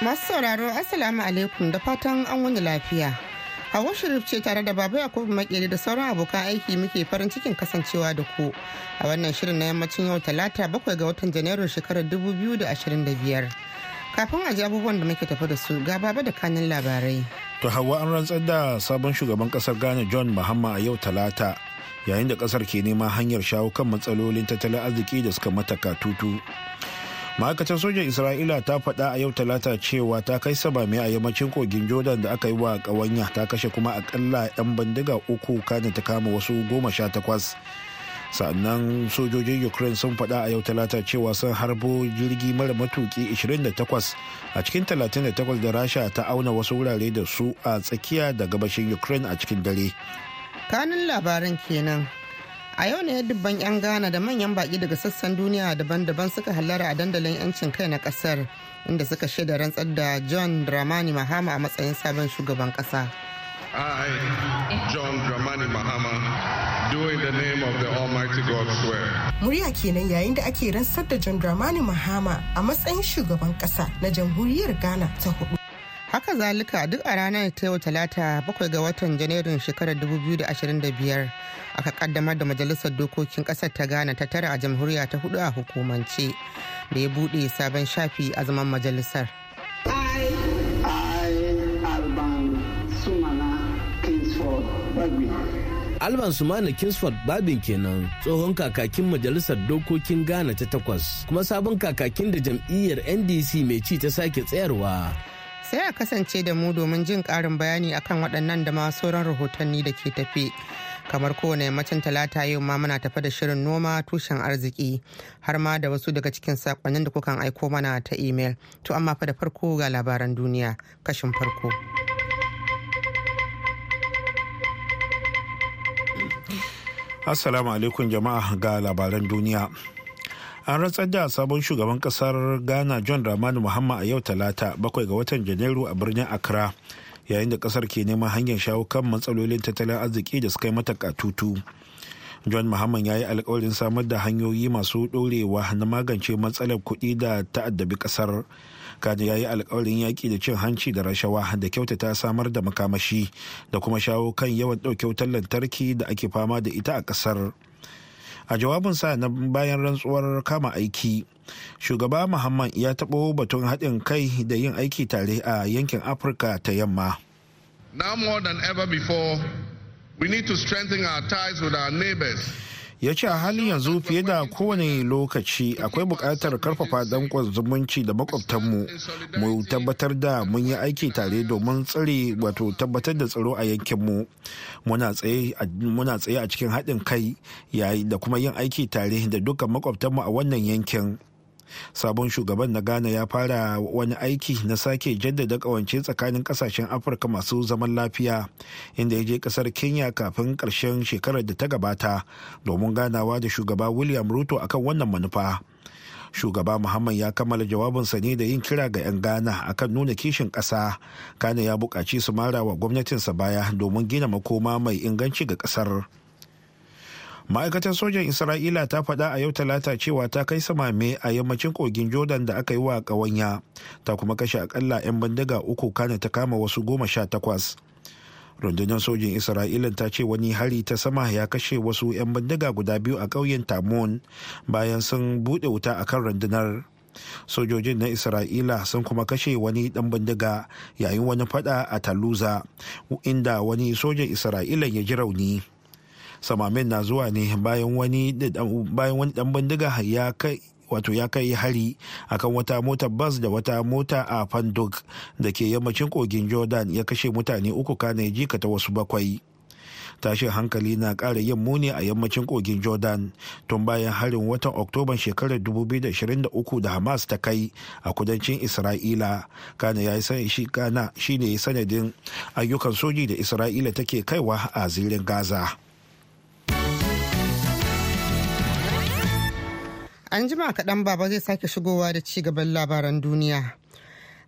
Masu sauraro Assalamu alaikum da fatan an wani lafiya. Hawa Sharif ce tare da Baba Yakubu Makeri da sauran abokan aiki muke farin cikin kasancewa da ku a wannan shirin na yammacin yau talata bakwai ga watan Janairun shekarar dubu biyu da da ashirin biyar. Kafin a ji abubuwan da muke tafi da su ga Baba da kanin labarai. To Hawa an rantsar da sabon shugaban kasar Ghana John Mahama a yau talata yayin da kasar ke neman hanyar shawo kan matsalolin tattalin arziki da suka mata katutu. tutu. ma'aikatar sojan isra'ila ta faɗa a yau talata cewa ta kai sabami a yammacin kogin jordan da aka yi wa ƙawanya ta kashe kuma akalla 'yan bindiga uku kanin ta kama wasu goma sha takwas sannan sojojin ukraine sun faɗa a yau talata cewa sun harbo jirgi mara matuki 28 a cikin 38 da rasha ta auna wasu wurare da su a tsakiya da gabashin ukraine a cikin dare kanin labaran kenan a yau ne dubban 'yan ghana da manyan baki daga sassan duniya daban-daban suka hallara a dandalin 'yancin kai na kasar inda suka shaida rantsar da john dramani mahama a matsayin sabon shugaban kasa I, John Dramani Mahama, doing the name of the Almighty God swear. Murya kenan yayin da ake rantsar da John Dramani Mahama a matsayin shugaban kasa na jamhuriyar Ghana ta hudu. haka zalika duk a ranar ta yau talata bakwai ga watan janairun shekarar 2025 aka kaddamar da majalisar dokokin kasar ta ghana ta tara a jamhuriya ta hudu a hukumance da ya bude sabon shafi a zaman majalisar Alban Sumana Kingsford Babin kenan tsohon kakakin majalisar dokokin Ghana ta takwas kuma sabon kakakin da jam'iyyar NDC mai ci ta sake tsayarwa sai a kasance da mu domin jin karin bayani akan waɗannan da ma sauran rahotanni da ke tafi. kamar kowane yammacin talata yau ma muna tafa da shirin noma tushen arziki har ma da wasu daga cikin sakonnin da kukan aiko mana ta imel to amma fa da farko ga labaran duniya kashin farko assalamu alaikum jama'a ga labaran duniya an ratsa da sabon shugaban kasar ghana john dramani muhammad a yau talata bakwai ga watan janairu a birnin accra yayin da kasar ke neman hanyar shawo kan matsalolin tattalin arziki da suka yi mata katutu john muhammad ya yi alkawarin samar da hanyoyi masu dorewa na magance matsalar kuɗi da ta'addabi kasar kano ya yi alkawarin yaƙi da cin hanci da rashawa da kyautata samar da makamashi da kuma shawo kan yawan ɗauke wutar lantarki da ake fama da ita a ƙasar. a jawabin sa na bayan rantsuwar kama aiki shugaba muhammad ya taɓo batun haɗin kai da yin aiki tare a yankin afirka ta yamma now more than ever before we need to strengthen our ties with our neighbors ya ce a halin yanzu fiye da kowane lokaci akwai bukatar karfafa danƙon zumunci da makwabtanmu mu tabbatar da mun yi aiki tare domin tsare wato tabbatar da tsaro a yankinmu muna tsaye a cikin haɗin kai da kuma yin aiki tare da dukkan makwabtanmu a wannan yankin sabon shugaban na ghana ya fara wani aiki na sake jaddada kawance tsakanin kasashen afirka masu zaman lafiya inda ya je kasar kenya kafin karshen shekarar da ta gabata domin ganawa da shugaba william ruto akan wannan manufa shugaba muhammad ya kammala jawabinsa ne da yin kira ga 'yan ghana akan nuna kishin ƙasa kana ya buƙaci su mara wa gwamnatinsa baya domin gina makoma mai inganci ga ƙasar. ma'aikatar sojan isra'ila ta faɗa a yau talata cewa ta kai samame a yammacin kogin jordan da aka yi wa ƙawanya ta kuma kashe akalla 'yan bindiga uku kana ta kama wasu goma sha takwas rundunar sojin isra'ila ta ce wani hari ta sama ya kashe wasu 'yan bindiga guda biyu a ƙauyen tamon bayan sun buɗe wuta a kan rundunar sojojin na isra'ila sun kuma kashe wani ɗan bindiga yayin wani faɗa a taluza inda wani sojan isra'ila ya ji rauni samamin na zuwa ne bayan wani dan bindiga ya kai wato ya kai hari akan wata mota bas da wata mota a fanduk da ke yammacin kogin jordan ya kashe mutane uku kana jika ta wasu bakwai tashin hankali na ƙara yin muni a yammacin kogin jordan tun bayan harin watan oktoban shekarar 2023 da hamas ta kai a kudancin isra'ila kana ya yi shi kana shine sanadin ayyukan soji da isra'ila take kaiwa a zirin gaza An jima kaɗan baba zai sake shigowa da ci gaban labaran duniya.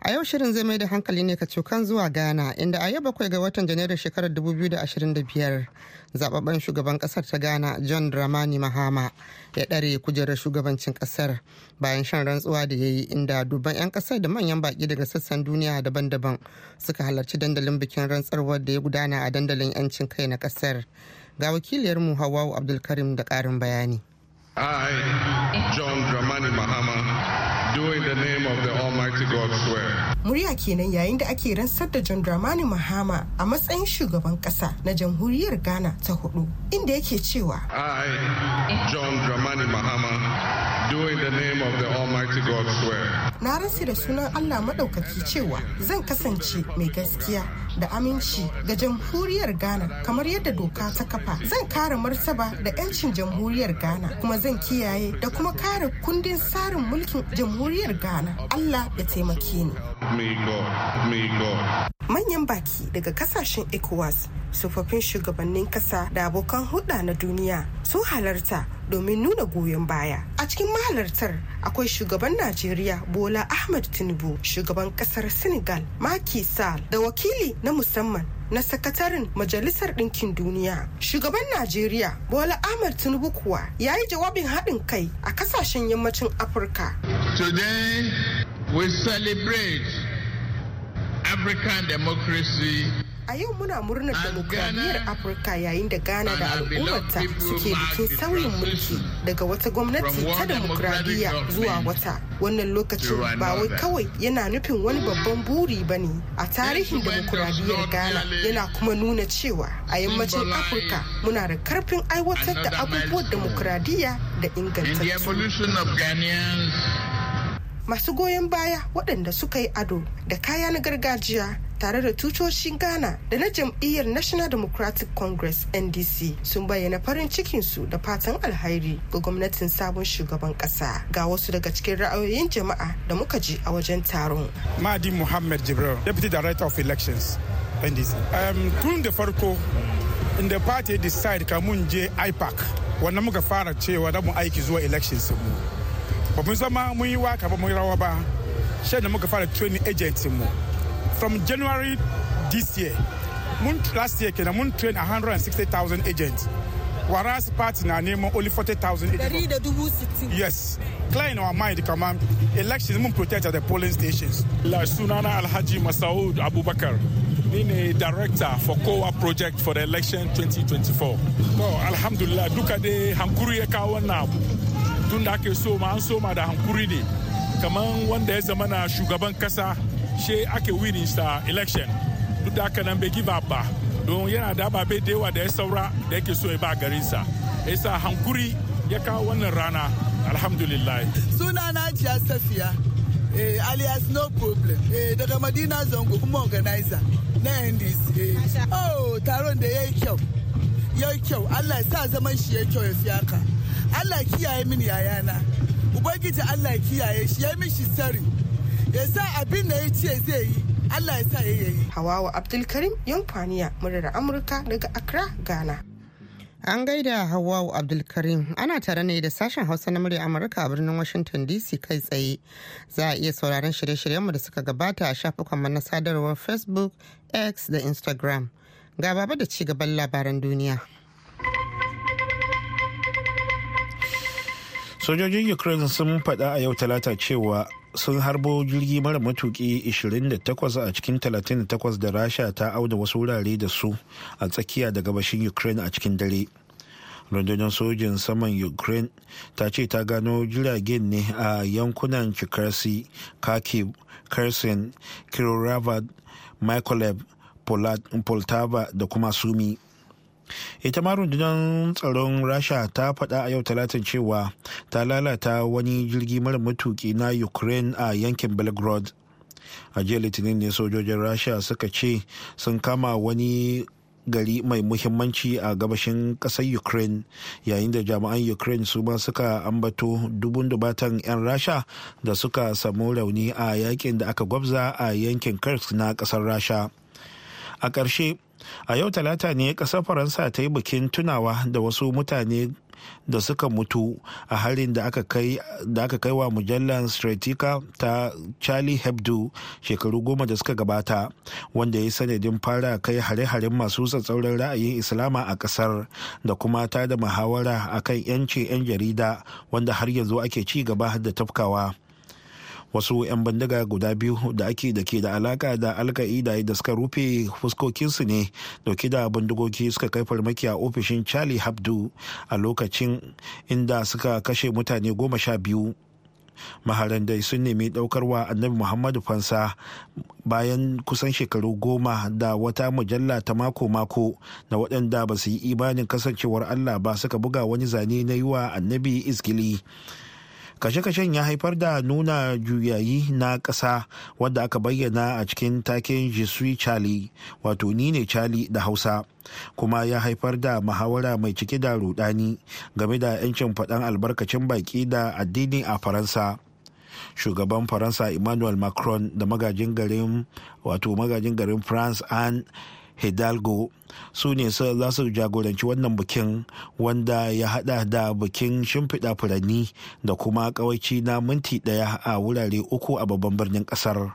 A yau shirin zai mai da hankali ne ka cokan zuwa Ghana inda a yau bakwai ga watan Janairun shekarar 2025 zababben shugaban kasar ta Ghana John Dramani Mahama ya ɗare kujerar shugabancin kasar bayan shan rantsuwa da ya yi inda dubban 'yan kasar da manyan baki daga sassan duniya daban-daban suka halarci dandalin bikin rantsarwar da ya gudana a dandalin 'yancin kai na kasar. Ga wakiliyarmu Hawwa Abdulkarim da ƙarin bayani. I, John Dramani Mahama, do in the name of the Almighty God swear. Murya kenan yayin da ake rantsar da John Dramani Mahama a matsayin shugaban kasa na jamhuriyar Ghana ta hudu, inda yake cewa. I, John Dramani Mahama, Na rasu da sunan Allah maɗaukaki cewa zan kasance mai gaskiya da aminci ga jamhuriyar Ghana kamar yadda doka ta kafa. Zan kare martaba da 'yancin jamhuriyar Ghana kuma zan kiyaye da kuma kare kundin tsarin mulkin jamhuriyar Ghana. Allah ya taimake ni. manyan baki daga kasashen ecowas tsofaffin shugabannin kasa da abokan hulɗa na duniya sun halarta domin nuna goyon baya a cikin mahalartar akwai shugaban najeriya bola ahmed tinubu shugaban kasar senegal maki sal da wakili na musamman na sakataren majalisar ɗinkin duniya shugaban najeriya bola ahmed tinubu kuwa ya yi jawabin haɗin kai a kasashen yammacin afirka today we celebrate African democracy A yau muna murnar demokradiyyar Afirka yayin da Ghana da al'ummarta suke bikin sauyin mulki daga wata gwamnati ta demokradiyya zuwa wata. Wannan lokacin ba wai kawai yana nufin wani babban buri ba ne a tarihin demokradiyyar Ghana yana kuma nuna cewa a yammacin Afirka muna da karfin aiwatar da abubuwan demokradiyya da inganta. masu goyon baya waɗanda suka yi ado da kaya na gargajiya tare da tutocin ghana da na jam'iyyar national democratic congress ndc sun bayyana farin cikinsu da fatan alhairi ga gwamnatin sabon shugaban kasa ga wasu daga cikin ra'ayoyin jama'a da muka ji a wajen taron madi muhammad jibril deputy director of elections ndc um, tun da farko inda party decide kamun je ipac wannan muka fara cewa da mu aiki zuwa elections mu ba mu zama mun yi waka ba mu yi rawa ba shi da training agent from january this year last year we mun train 160,000 agents whereas party na name, only 40,000 agents yes clear in our mind kama elections mun protect at the polling stations la sunana alhaji masaud abubakar am ne director for kowa project for the election 2024 to alhamdulillah duka dai hankuri ya kawo tun da ake ma an soma da hankuri ne kamar wanda ya zama na shugaban kasa she ake winning sa election duk da haka nan bai give up ba don yana da ababe da yawa da ya saura da yake so ya ba garinsa sa hankuri ya kawo wannan rana alhamdulillah suna na jiya safiya eh, alias no problem eh, daga madina zango kuma organizer na ndc eh, oh taron da ya yi kyau ya yi kyau allah ya sa zaman shi ya kyau ya fi haka Allah kiyaye mini yayana ubangiji Allah kiyaye shi ya mishi sari ya sa abin da ya ce zai yi Allah ya sa ya yi Hawawa Abdulkarim Yankwaniya murar Amurka daga Accra Ghana An gaida hawawa Abdulkarim ana tare ne da sashen Hausa na murya Amurka a birnin Washington DC kai tsaye. Za a iya sauraron shirye-shiryenmu da suka gabata a shafukanmu na sadarwar Facebook, X da Instagram. Ga baba da ci gaban labaran duniya. sojojin ukraine sun faɗa a yau talata cewa sun harbo jirgi mara matuki 28 a cikin 38 da rasha ta auda wasu wurare da su a tsakiya da gabashin ukraine a cikin dare rundunar sojin saman ukraine ta ce ta gano jiragen ne a yankunan chikarsi kharkiv kherson kiroravad mykolaiv poltava da kuma sumi ita ma rundunar tsaron rasha ta faɗa a yau talatin cewa ta lalata wani jirgi mara matuki na ukraine a yankin belgrade a jiya litinin ne sojojin rasha suka ce sun kama wani gari mai muhimmanci a gabashin ƙasar ukraine yayin da jami'an ukraine su ma suka ambato dubun dubatan 'yan rasha da suka samu rauni a yakin da aka gwabza a yankin kursk na ƙasar rasha a ƙarshe a yau talata ne ƙasar faransa ta yi bikin tunawa da wasu mutane da suka mutu a harin da aka kai wa mujallar stratika ta charlie hebdo shekaru goma da suka gabata wanda ya yi sanadin fara kai hare-haren masu tsatsauran ra'ayin islama a kasar da kuma ta da muhawara akan 'yanci 'yan jarida wanda har yanzu ake ci gaba da tafkawa wasu 'yan bandiga guda biyu da ake da ke da alaka da alka'ida da suka rufe fuskokinsu ne dauke da bindigogi suka kai farmaki a ofishin charlie habdu a lokacin inda suka kashe mutane goma sha biyu maharan dai sun nemi daukarwa annabi muhammadu fansa bayan kusan shekaru goma da wata mujalla ta mako-mako na waɗanda ba su yi imanin kasancewar allah ba suka buga wani zane na yi wa annabi izgili kashe-kashen ya haifar da nuna juyayi na ƙasa wadda aka bayyana a cikin taken jisui chali wato ni ne chali da hausa kuma ya haifar da muhawara mai cike da rudani game da 'yancin faɗan albarkacin baƙi da addini a faransa shugaban faransa emmanuel macron da magajin garin wato magajin garin france an hidalgo su ne za su jagoranci wannan bikin wanda ya hada da bikin shimfiɗa furanni da kuma kawaici na minti ɗaya a wurare uku a babban birnin ƙasar.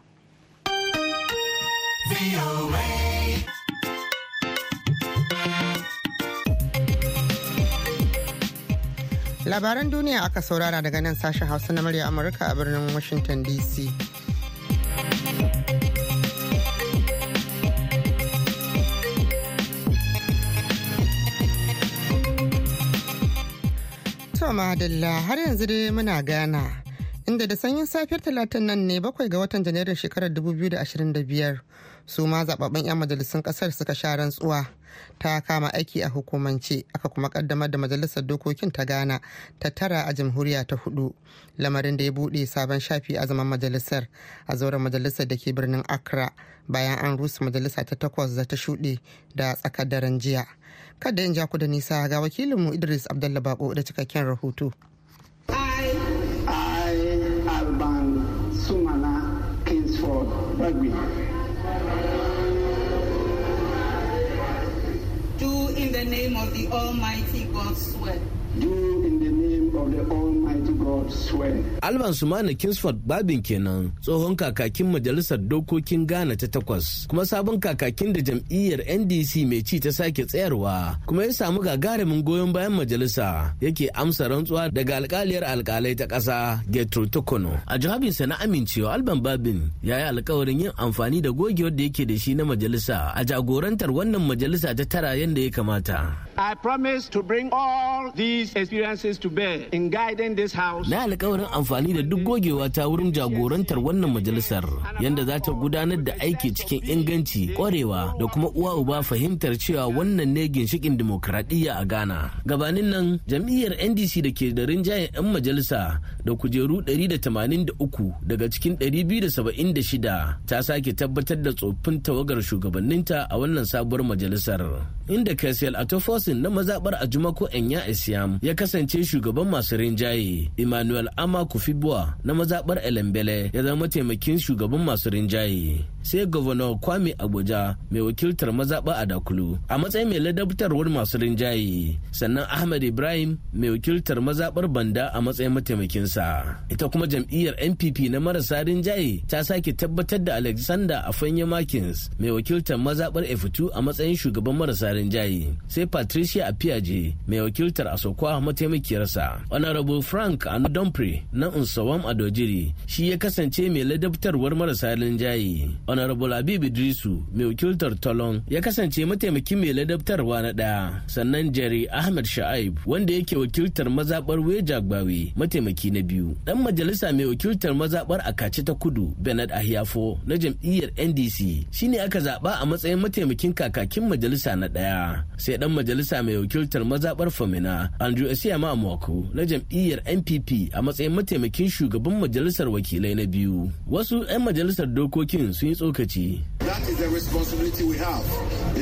labaran duniya aka saurara daga nan sashen hausa na murya amurka a birnin washington dc To madalla har yanzu dai muna gana inda da sanyin safiyar talatin nan ne bakwai ga watan janairun shekarar 2025 su ma zababben 'yan majalisun kasar suka sha rantsuwa ta kama aiki a hukumance aka kuma kaddamar da majalisar dokokin ta gana ta tara a jamhuriya ta hudu lamarin da ya bude sabon shafi a zaman majalisar a zauren majalisar da ke birnin accra bayan an rusa majalisa ta takwas da ta shuɗe da tsakar daren jiya kada in jaku da nisa ga wakilinmu idris abdallah bako da cikakken rahoto i sumana do in the name of the almighty god swear do in the name of the Alban Sumana Kingsford Babin kenan tsohon kakakin majalisar dokokin Ghana ta takwas kuma sabon kakakin da jam'iyyar NDC mai ci ta sake tsayarwa kuma ya samu gagarumin goyon bayan majalisa yake amsa rantsuwa daga alkaliyar alkalai ta ƙasa Gertrude Tokono. A jawabinsa na amincewa Alban Babin ya yi alkawarin yin amfani da gogewar da yake da shi na majalisa a jagorantar wannan majalisa ta tara yadda ya kamata. I promise to bring all these experiences to bear in guiding this house. Na alƙawarin amfani da duk gogewa ta wurin jagorantar wannan majalisar yanda za ta gudanar da aiki cikin inganci, ƙwarewa da kuma uwa uba fahimtar cewa wannan ne ginshikin dimokuraɗiyya a Ghana. Gabanin nan jam'iyyar NDC da ke da rinjayen 'yan majalisa da kujeru 183 daga cikin 276 ta sake tabbatar da tsoffin tawagar shugabanninta a wannan sabuwar majalisar. Inda kaisel Atofosin na mazaɓar Ajumako Enya Isiam ya kasance shugaban masu rinjaye emmanuel ama kufibua na mazaɓar elembele ya zama mataimakin shugaban masu rinjaye sai governor kwame abuja mai wakiltar mazaɓar a dakulu a matsayin mai ladabtarwar masu rinjaye sannan ahmed ibrahim mai wakiltar mazaɓar banda a matsayin mataimakin sa. ita kuma jam'iyyar npp na marasa rinjaye ta sake tabbatar da alexander afanye makins mai wakiltar mazaɓar F2 a matsayin shugaban marasa rinjaye sai patricia apiaje mai wakiltar asokwa mataimakiyarsa honorable frank andomfre na unsawam adojiri shi ya kasance mai ladabtarwar marasa linjayi honorable habib idrisu mai wakiltar tolon ya kasance mataimakin mai ladabtarwa na ɗaya sannan jerry ahmed sha'aib wanda yake wakiltar mazaɓar weja mataimaki na biyu Ɗan majalisa mai wakiltar mazaɓar akaci ta kudu bernard ahiafo na jam'iyyar ndc shine aka zaɓa a matsayin mataimakin kakakin majalisa na ɗaya sai ɗan majalisa mai wakiltar mazaɓar famina andrew esiyama Amoku na jam'iyyar npp a matsayin mataimakin shugaban majalisar wakilai na biyu wasu 'yan majalisar dokokin sun yi tsokaci That is the responsibility we have.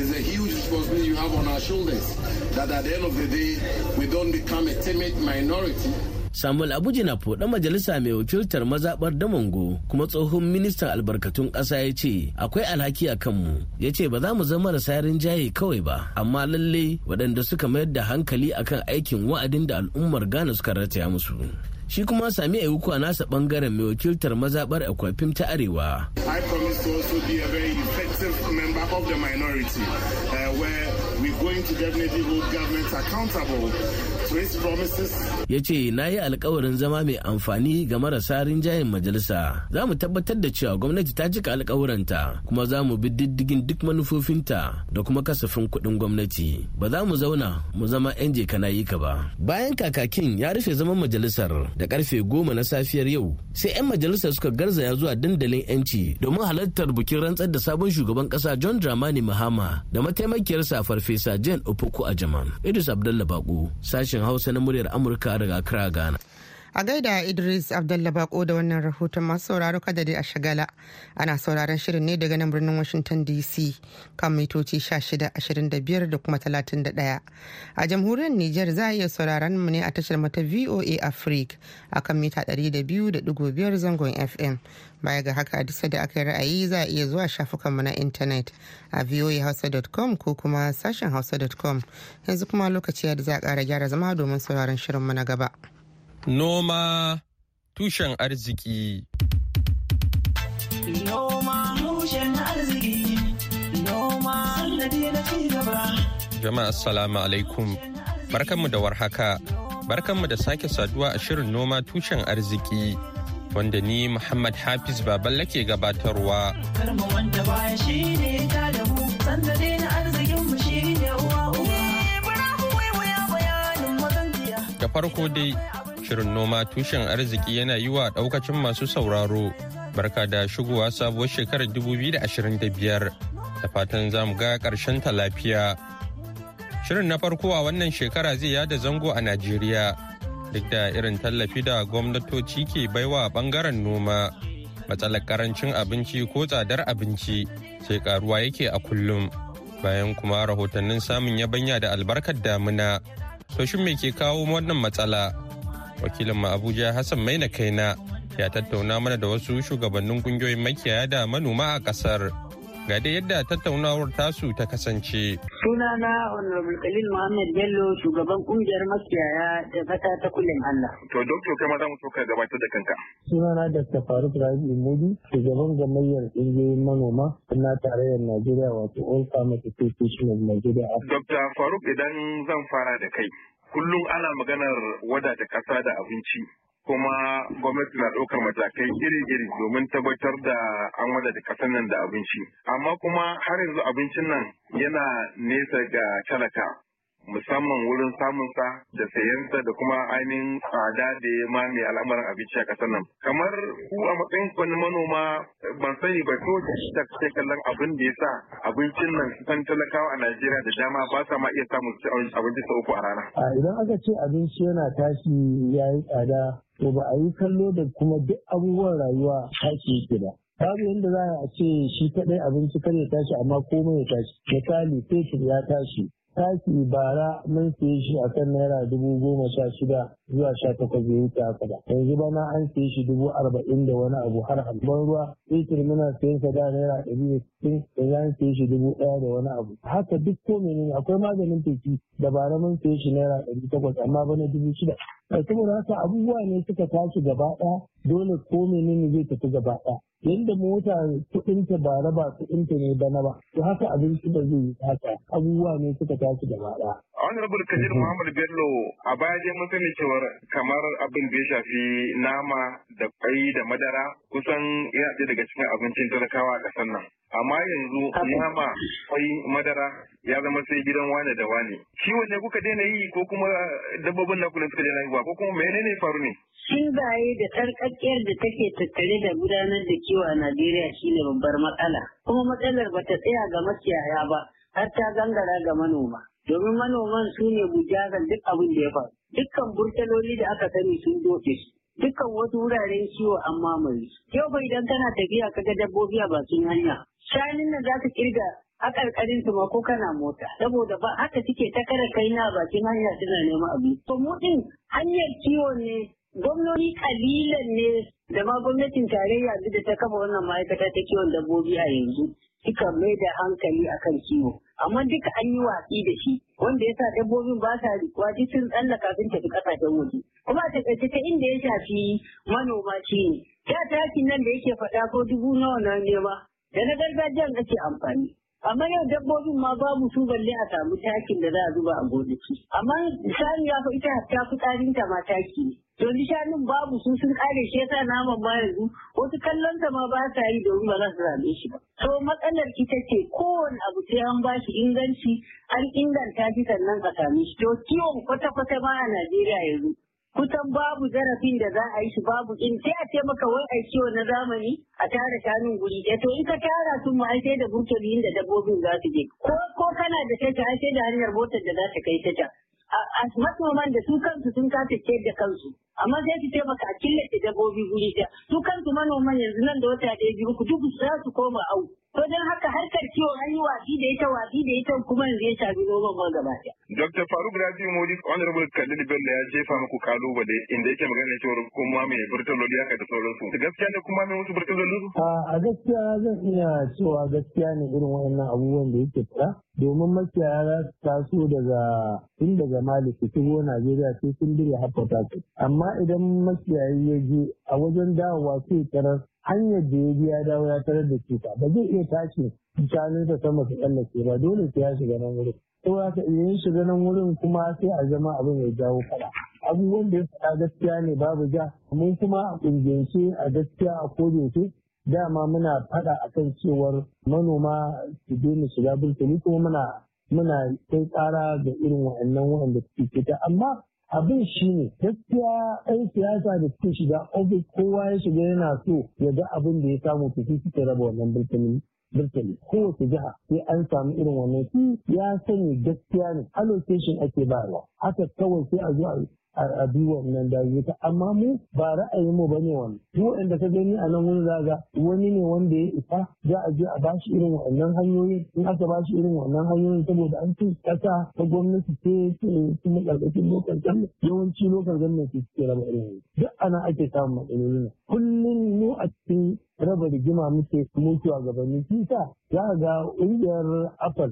is a huge responsibility you have on our shoulders. That at the end of the day, we don't become a timid minority Samuel Abuji na ɗan majalisa mai wakiltar mazaɓar Damango kuma tsohon ministan albarkatun ƙasa ya ce akwai alhaki a kanmu ya ce ba za mu zama da sayarin rinjaye kawai ba amma lalle waɗanda suka mayar da hankali akan aikin wa'adin da al'ummar Ghana suka rataya musu. shi kuma sami ayyuku a nasa bangaren mai wakiltar mazabar akwafim ta arewa of the minority uh, where we're going to definitely hold governments accountable Ya ce na yi alkawarin zama mai amfani ga marasa rinjayen majalisa. Za mu tabbatar da cewa gwamnati ta cika alkawuranta kuma za mu bi diddigin duk manufofinta da kuma kasafin kuɗin gwamnati. Ba za mu zauna mu zama 'yan jeka na ka ba. Bayan kakakin ya rufe zaman majalisar da karfe goma na safiyar yau sai 'yan majalisar suka garzaya zuwa dandalin 'yanci domin halartar bukin rantsar da sabon shugaban kasa John Dramani Mahama da mataimakiyarsa Farfesa Jane Opoku Ajaman. Idris abdullahi Bako sashen sashen Hausa na muryar Amurka daga Accra, Ghana. A gaida Idris Abdullah Bako da wannan rahoton masu sauraro kada dai a shagala. Ana sauraron shirin ne daga nan birnin Washington DC kan mitoci 1625 da kuma 31. A jamhuriyar niger za a iya sauraron mu ne a tashar mata VOA Africa a kan mita 200.5 zangon FM. Baya ga haka a disa da aka yi ra'ayi za a iya zuwa shafukanmu na intanet a voahausa.com ko kuma sashen hausa.com yanzu kuma lokaci da za a ƙara gyara zama domin sauraron shirinmu na gaba. Noma tushen arziki. Noma tushen Jama'a assalamu alaikum. Barkanmu da warhaka. Barkanmu da sake saduwa a shirin noma tushen arziki. Wanda ni Muhammad Hafiz Baballe ke gabatarwa. Eh, da farko dai Shirin noma tushen arziki yana yi wa ɗaukacin masu sauraro barka da shigowa sabuwar shekarar 2025 da fatan za mu ga ƙarshen ta lafiya. Shirin na farko a wannan shekara zai yada zango a Najeriya duk da irin tallafi da gwamnatoci ke baiwa ɓangaren noma. Matsalar karancin abinci ko tsadar abinci sai karuwa yake a kullum. bayan kuma rahotannin samun yabanya da albarkar damina. To shin me ke kawo wannan matsala? wakilin mu abuja hassan maina kaina ya tattauna mana da wasu shugabannin kungiyoyin makiyaya da manoma a kasar ga dai yadda tattaunawar tasu ta kasance. Sunana Honorable Khalil Muhammad Bello shugaban kungiyar makiyaya da fata ta kullum Allah. To Dokto kai ma za mu soka gabatar da kanka. Sunana Dr. Faruk Rabi Mudi shugaban gamayyar kungiyoyin manoma na tarayyar Najeriya wato All Farmers Association of Nigeria. Dr. Faruk idan zan fara da kai. kullum ana maganar wadata ƙasa da abinci kuma gwamnati na ɗaukar matakai iri-iri domin tabbatar da an wadata ƙasar nan da abinci amma kuma har yanzu abincin nan yana nesa ga talaka musamman wurin samunsa da sayensa da kuma ainihin tsada da ya mame al'amarin abinci a ƙasar nan. Kamar ku a matsayin wani manoma ban sani ba ko da shi take kallon abin da ya sa abincin nan san talakawa a Najeriya da dama ba sa ma iya samun abinci sau uku a rana. Idan aka ce abinci yana tashi ya yi tsada to ba a yi kallo da kuma duk abubuwan rayuwa tashi yake ba. babu yadda za a ce shi kadai abinci kare tashi amma komai ya tashi misali fetur ya tashi taki bara mun siye shi a kan naira dubu goma sha shida zuwa sha takwas ya wuce haka ba yanzu bana an siye shi dubu arba'in da wani abu har abban ruwa fetur muna siyan sa da naira ɗari da sittin yanzu an siye shi dubu ɗaya da wani abu haka duk ko menene akwai maganin fetur da bara mun siye shi naira ɗari takwas amma bana dubu shida saboda haka abubuwa ne suka tashi gaba ɗaya dole ko menene zai tafi gaba ɗaya yadda mota kuɗinta ba raba kuɗinta ne bana ba to haka abinci ba zai yi haka abubuwa ne suka tashi da ɗaya. a wani da kajir Muhammadu bello a baya je mun sani cewar kamar abin da ya shafi nama da kwai da madara kusan ya daga cikin abincin talakawa a ƙasar nan amma yanzu nama kwai madara ya zama sai gidan wane da wane Kiwon ne kuka daina yi ko kuma dabbobin na kula suka daina yi ba ko kuma menene faru ne. Sun baye da ɗan da take tattare da gudanar da kiwo kiwo a Najeriya shine babbar matsala. Kuma matsalar ba ta tsaya ga makiyaya ba, har ta gangara ga manoma. Domin manoman su ne bujagan duk abin da ya faru. Dukkan burtaloli da aka sani sun doke su. Dukkan wasu wuraren ciwo an mamaye su. Yau ba idan kana tafiya ka ga dabbobi a bakin hanya. Shanun nan za ka kirga a ƙarƙarin su ma ko kana mota saboda ba haka suke ta kare kai na bakin hanya suna neman abinci. To mu hanyar kiwo ne gwamnoni kalilan ne da ma gwamnatin tarayya duk da ta kafa wannan ma'aikata ta kiwon dabbobi a yanzu suka mai da hankali akan kiwo amma duka an yi watsi da shi wanda ya sa dabbobin ba sa rikuwa duk sun tsallaka sun tafi kasashen waje kuma a takaice ta inda ya shafi manoma shi ne da takin nan da yake faɗa ko dubu nawa na nema da na gargajiyan ake amfani amma yau dabbobin ma babu su balle a samu takin da za a zuba a gonaki amma sani ya fa ita ta fitsarinta ma taki ne yanzu shanun babu sun sun kare shi yasa naman ma yanzu wasu kallon ma ba sa yi domin ba za su zabe shi ba to matsalar ita ce kowane abu sai an ba shi inganci an inganta shi sannan a same shi to kiwon kwata-kwata ma a Najeriya yanzu kusan babu zarafin da za a yi shi babu in sai a ce maka wai a kiwo na zamani a tara shanun guri ɗaya to in ka tara sun ma sai da burtoli da dabbobin za su je ko kana da tasha sai da hanyar motar da za ta kai tasha manoman da su kansu sun kasa ciyar da kansu amma sai su taimaka a killace dabbobi guri ta. su kansu manoman yanzu nan da wata ɗaya biyu ku duk za su koma au to don haka harkar kiwo an yi watsi da ita watsi da ita kuma yanzu ya shafi noman ma gaba ɗaya. Dr. Faruk Raji Modi Honorable Khalil Bello ya jefa muku kalubale inda yake magana cewa kuma mai ya haka da sauransu. Gaskiya ne kuma mai wasu burtaloli? A gaskiya zan iya cewa gaskiya ne irin waɗannan abubuwan da yake fita. domin makiyaya za su taso daga tun daga mali su shigo najeriya sai sun dire haɓɓa su amma idan makiyayi ya je a wajen dawowa sai tarar hanyar da ya biya dawo ya tarar da cuta ba zai iya tashi misalin ta sama su tsallake ba dole sai ya shiga nan wurin to haka idan shiga nan wurin kuma sai a zama abin ya jawo fada abubuwan da ya faɗa gaskiya ne babu ja mun kuma a ƙungiyance a gaskiya a kodiyance dama muna faɗa akan cewar manoma su daina shiga bulkuni kuma muna kai tsara ga irin wa'annan wa'anda suke fita amma abin shi ne gaskiya ɗan siyasa da suke shiga ofis kowa ya shiga yana so ya ga abin da ya samu fiti suke raba wannan birtani birtani kowace jiha sai an samu irin wannan su ya sani gaskiya ne allocation ake bayarwa haka kawai sai a zo a a bi da dazuka amma mu ba ra'ayin mu bane wannan duk wanda ka gani a nan wani zaga wani ne wanda ya isa za a je a bashi irin wannan hanyoyin in aka bashi irin wannan hanyoyin saboda an ce kasa ta gwamnati ce su makarkashin lokacin gwamnati yawanci lokal na ke raba irin duk ana ake samun matsalolin kullum mu a cikin raba rigima muke a gabanin kisa za ga ƙungiyar afal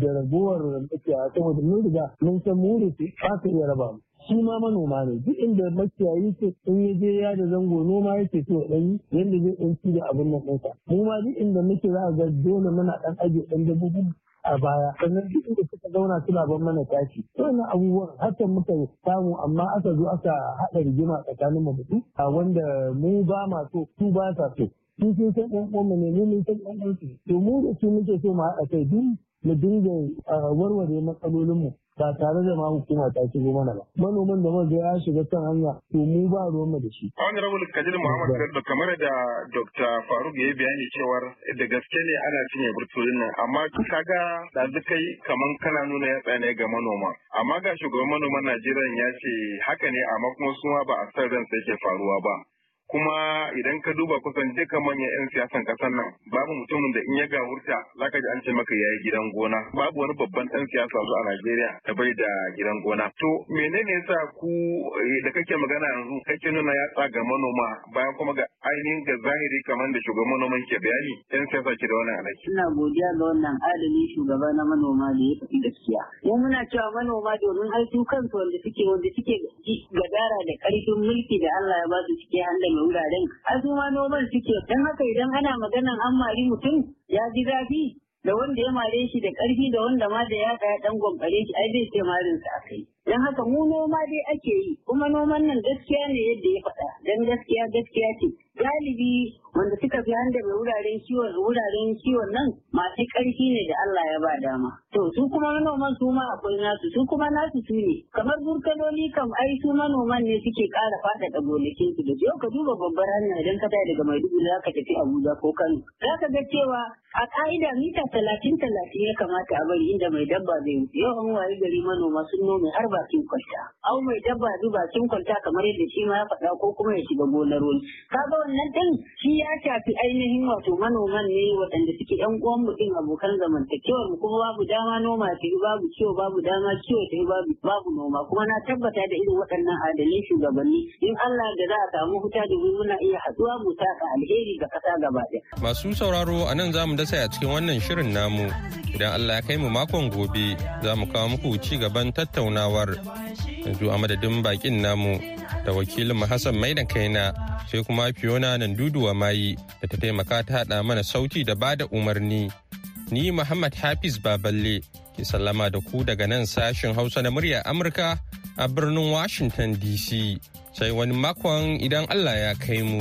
da ragowar tsakiya saboda mun riga mun san mu rufe ba iya raba mu su ma manoma ne duk inda makiyayi ce in ya je ya da zango noma yake so dan yanda zai dan ci da abin nan ɗinsa mu ma duk inda muke za a ga dole muna dan ajiye dan dabbobin a baya sannan duk inda suka zauna suna ban mana tashi wannan abubuwan hakan muka samu amma aka zo aka haɗa rigima tsakanin mu a wanda mu ba ma so su ba sa so su sun san ɗan uwan mu ne mu mun san ɗan uwan su to mu da su muke so mu haɗa kai duk mu dinga warware matsalolinmu ba tare da ma hukuma ta shigo mana ba manoman da maza ya shiga kan hanya to mu ba ruwan da shi wani rabul kajir muhammad garba kamar da dr faruk ya yi bayani cewar da gaske ne ana cinye burtolin nan amma kaga da dukai kaman kana nuna yatsa ne ga manoma amma ga shugaban manoman najeriya ya ce haka ne amma kuma su ba a san ransa yake faruwa ba kuma idan ka duba kusan duka manyan 'yan siyasan kasar nan babu mutumin da in ya wurta zaka ji an ce maka yayi gidan gona babu wani babban ɗan siyasa su a Najeriya da bai da gidan gona to menene yasa ku eh, da kake magana yanzu kake nuna ya ga manoma bayan kuma ga ainihin ga zahiri kamar da shugaban manoman ke bayani 'yan siyasa ke da wannan alaki ina godiya ga wannan adalin shugaba na manoma da ya faɗi gaskiya mu muna cewa manoma domin ai su kansu wanda suke wanda suke gadara da karfin mulki da Allah ya ba su cikin handle wuraren an su ma noman suke don haka idan ana maganan an mari mutum ya ji zafi da wanda ya mare shi da ƙarfi da wanda ma da ya ɗan gwamfare shi ai zai ce marinsa a kai. Don haka mu noma dai ake yi, kuma noman nan gaskiya ne yadda ya faɗa, don gaskiya gaskiya ce. Galibi wanda suka fi handa mai wuraren kiwon wuraren kiwon nan masu ƙarfi ne da Allah ya ba dama. To su kuma manoman su ma akwai nasu, su kuma nasu su ne. Kamar burkaloli kam ai su manoman ne suke ƙara faɗaɗa gonakin su da yau ka duba babbar hanya idan ka tafi daga Maiduguri za ka tafi Abuja ko Kano. Za ka ga cewa a ƙa'ida mita talatin talatin ya kamata a bari inda mai dabba zai wuce. Yau an waye gari manoma sun nome har bakin kwalta au mai dabba zu bakin kwanta kamar yadda shi ma ya faɗa ko kuma ya shiga gonar wani kaga wannan din shi ya shafi ainihin wato manoman ne waɗanda suke yan uwan mu abokan zamantakewar mu kuma babu dama noma ta yi babu ciwo babu dama ciwo ta babu babu noma kuma na tabbata da irin waɗannan adalai shugabanni in Allah da za a samu huta da wuri muna iya haɗuwa mu ka alheri ga ƙasa gaba ɗaya. Masu sauraro a nan za mu dasa a cikin wannan shirin namu idan Allah ya kai mu makon gobe za mu kawo muku ci gaban tattaunawa sadarwar yanzu a madadin bakin namu da wakilin hassan maina kaina sai kuma fiona nan duduwa mayi da ta taimaka ta haɗa mana sauti da bada umarni ni muhammad hafiz baballe ke sallama da ku daga nan sashen hausa na murya amurka a birnin washington dc sai wani makon idan allah ya kai mu.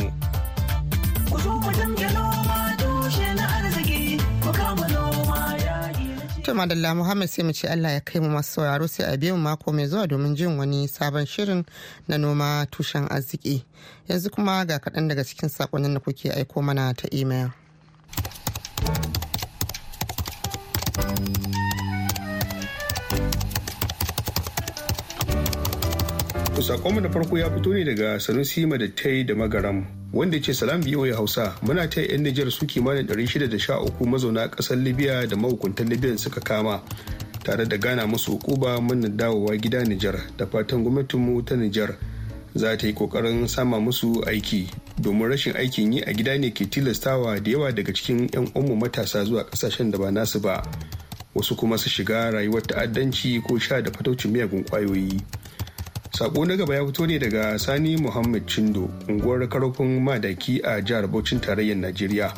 To Madalla Muhammad sai mu ce Allah ya kai mu masu sauraro sai a biyu mako mai zuwa domin jin wani sabon shirin na noma tushen arziki. Yanzu kuma ga kaɗan daga cikin saƙonin da kuke aiko mana ta imel. sakonmu na farko ya fito ne daga sanusi madattai da magaramu. wanda ya ce salam biyo ya hausa muna ta 'yan Nijar su kimanin 613 mazauna ƙasar Libya da mahukuntan Libya suka kama tare da gana musu hukuba muna dawowa gida Nijar da fatan gwamnatinmu ta Nijar za ta yi kokarin sama musu aiki domin rashin aikin yi a gida ne ke tilastawa da yawa daga cikin 'yan umu matasa zuwa kasashen da ba nasu ba wasu kuma su shiga rayuwar ta'addanci ko sha da fataucin miyagun kwayoyi. sako na gaba ya fito ne daga sani muhammad chindo unguwar karfin madaki a jihar bauchin tarayyar najeriya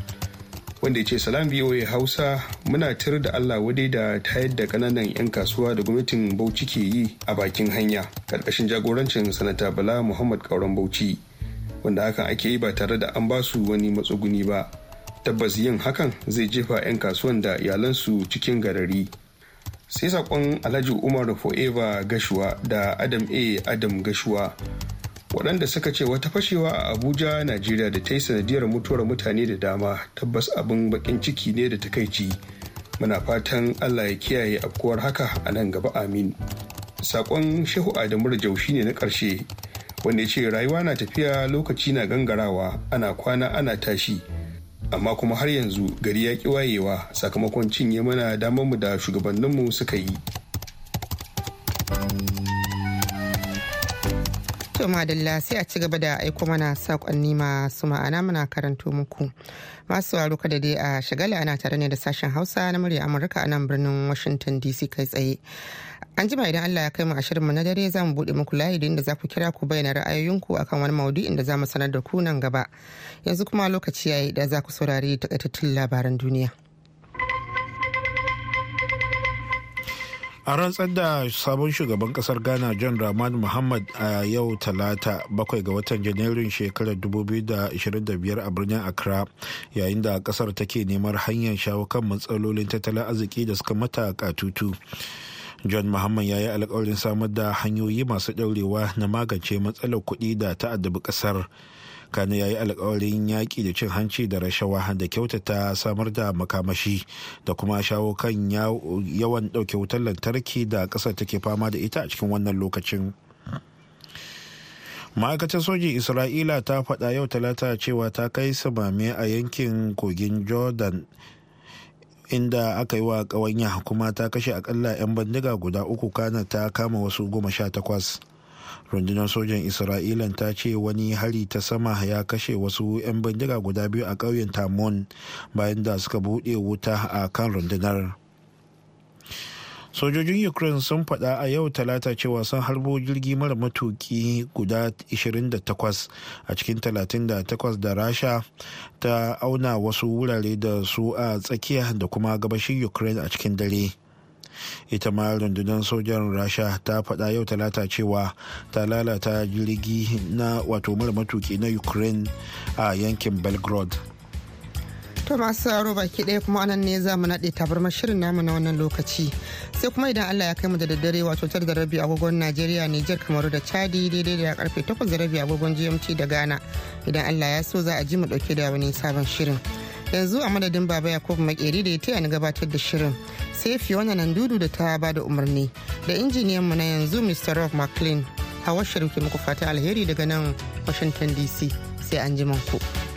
wanda ya ce salam voa hausa muna tir da allah wadai da tayar da kananan 'yan kasuwa da gwamnatin bauchi ke yi a bakin hanya karkashin jagorancin sanata bala muhammad kauran bauchi wanda hakan ake yi ba tare da an basu wani matsuguni ba tabbas yin hakan zai jefa 'yan kasuwan da iyalansu cikin garari sai saƙon alhaji umar forever gashuwa da adam a adam gashuwa waɗanda suka ce wata fashewa a abuja najeriya da ta yi sanadiyar mutuwar mutane da dama tabbas abin bakin ciki ne da takaici muna fatan allah ya kiyaye afkuwar haka a nan gaba amin Saƙon shehu adamu rajau ne na ƙarshe wanda ya ce rayuwa na tafiya lokaci na gangarawa ana kwana ana tashi amma kuma har yanzu gari ya ki wayewa sakamakon cinye mana mu da shugabanninmu suka yi To madalla sai a ci gaba da aiko mana sakonni masu ma'ana muna karanto muku. Masu waro da dai a shigala ana tare ne da sashen Hausa na murya Amurka a nan birnin Washington DC kai tsaye. An jima idan Allah ya kai mu ashirin mu na dare za mu buɗe muku layi da inda za ku kira ku bayyana ra'ayoyinku akan wani maudu'in da za mu sanar da ku nan gaba. Yanzu kuma lokaci yayi da za ku saurari takaitattun labaran duniya. a rantsar da sabon shugaban kasar ghana john dramani muhammad a yau talata bakwai ga watan janairun shekarar 2025 a birnin accra yayin da kasar take neman hanyar shawo kan matsalolin tattalin arziki da suka mata katutu john muhammad ya yi alkawarin samar da hanyoyi masu daurewa na magance matsalar kuɗi da ta'addabi kasar kano ya yi alkawarin yaƙi da cin hanci da rashawa da kyautata samar da makamashi da kuma shawo kan yawan ɗauke wutar lantarki da ƙasar take fama da ita a cikin wannan lokacin ma'aikatar sojin isra'ila ta faɗa yau talata cewa ta kai samame a yankin kogin jordan inda aka yi wa ƙawanya kuma ta kashe akalla 'yan bandiga guda uku kana ta kama wasu goma sha takwas rundunar sojan isra'ila ta ce wani hari ta sama ya kashe wasu 'yan bindiga guda biyu a ƙauyen tamon bayan da suka buɗe wuta a kan rundunar sojojin ukraine sun faɗa a yau talata cewa sun harbo jirgi mara matuki guda 28 a cikin 38 da rasha ta auna wasu wurare da su a tsakiya da kuma gabashin ukraine a cikin dare ita ma rundunar sojan rasha ta faɗa yau talata cewa ta lalata jirgi na wato mara matuki na ukraine a yankin belgrade to masu sauraro baki ɗaya kuma anan ne za mu naɗe tabarmar shirin namu na wannan lokaci sai kuma idan Allah ya kai mu da daddare wato tar da rabi agogon Najeriya Nijar Kamaru da Chadi daidai da karfe takwas da rabi agogon GMT da Ghana idan Allah ya so za a ji mu ɗauke da wani sabon shirin yanzu a madadin baba Yakubu Makeri da ya taya ni gabatar da shirin sai fiona nan dudu da ta ba da umarni da injiniyan mu na yanzu mr rob mclean a washe muku fata alheri daga nan washington dc sai an ji ku.